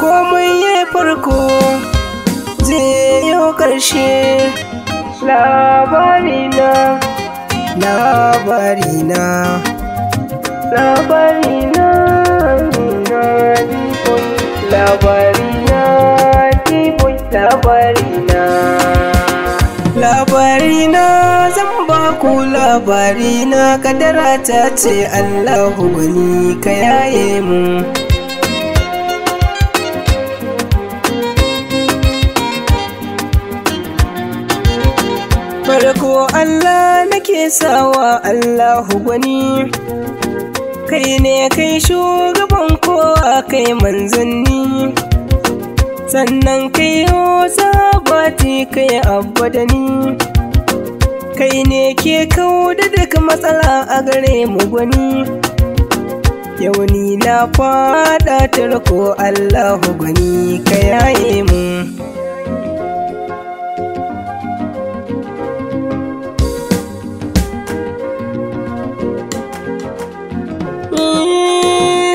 komai ya farko zai yi ƙarshe labarina labarina labarina labarina labarina labarina zan ba ku labarina kadara ta ce allahu gani ka yaye mu Dako Allah nake sawa Allahu gwani Kai ne kai shugaban kowa kai manzanni Sannan kai yau gwati kai abadani Kai ne ke kawo da duk matsala a gare mu gwani Yau ni na faɗa tarko Allahu gwani ka yaye mu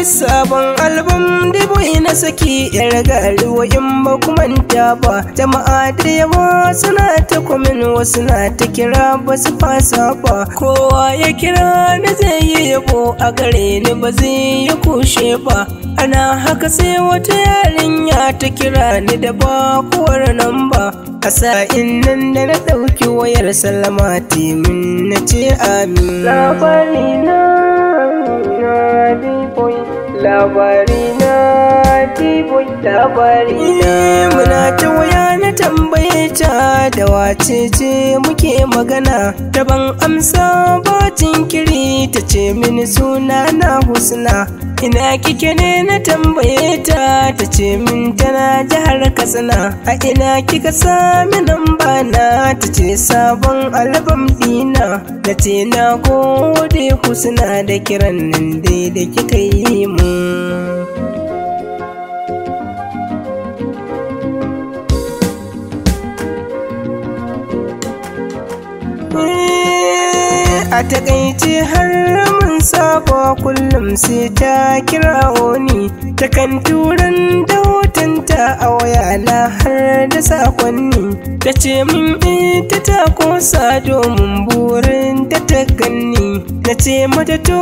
sabon album dubu na saki yar garuwa in ba ta ba jama'a da yawa suna ta kwamin wasu na ta kira ba su fasa ba kowa ya kira na zai yi yabo a gare ni ba zai yi kushe ba ana haka sai wata yarinya ta kira ni da kowar nan ba a sa'in nan da na ɗauki wayar sallama timin na ce amin labari na na labarina tibon labarina muna ta waya na tambaye ta da wace ce muke magana Da ban amsa ba jinkiri ta ce mini suna na husna ina kike ne na tambaye ta ta ce min tana katsina a ina kika sami namba na ta ce sabon albam dina na ce na gode husna da kiran nan dai da kika yi mu eh, a takaice har mun saba kullum sai ta kirawo ni takan turan da mutunta a wayana har da sakonni ta ce min ita ta kosa domin burin ta ta ganni na ce mata to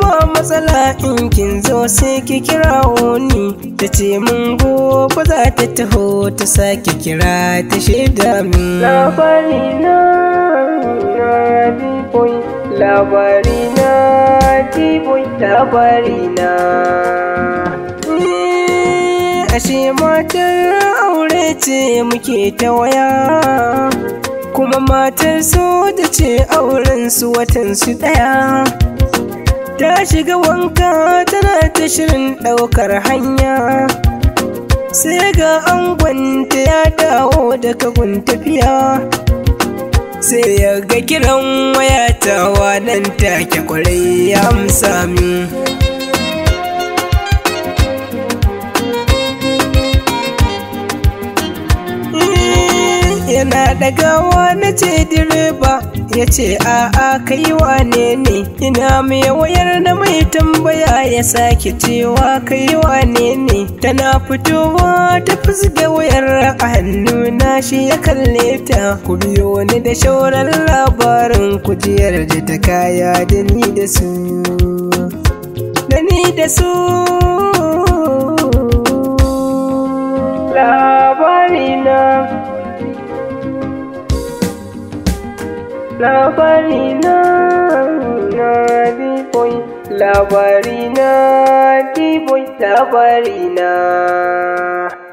ba matsala in kin zo sai ki kirawo ni ta ce min gobe za ta taho ta sake kira ta shaida min labari na labari na labari na ashe matar aure ce muke ta waya kuma matar soja ce auren su watan su daya ta shiga wanka tana ta shirin daukar hanya sai ga ta ya dawo daga gun tafiya sai ya ga kiran ta nan take kwarai ya amsa yana daga na ce direba ya ce a'a kai wane ne ina mai wayar na mai tambaya ya sake cewa kai wane ne tana fitowa ta fusga wayar a hannu na shi ya kalle ta ku biyo ni da shauran labarin kujerar da ta kaya da ni da su da ni da su labari na na diboy labari na diboy labari na